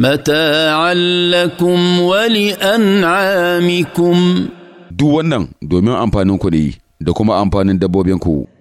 wali an ولأنعامكم duk wannan domin amfanin ne da kuma amfanin dabbobinku.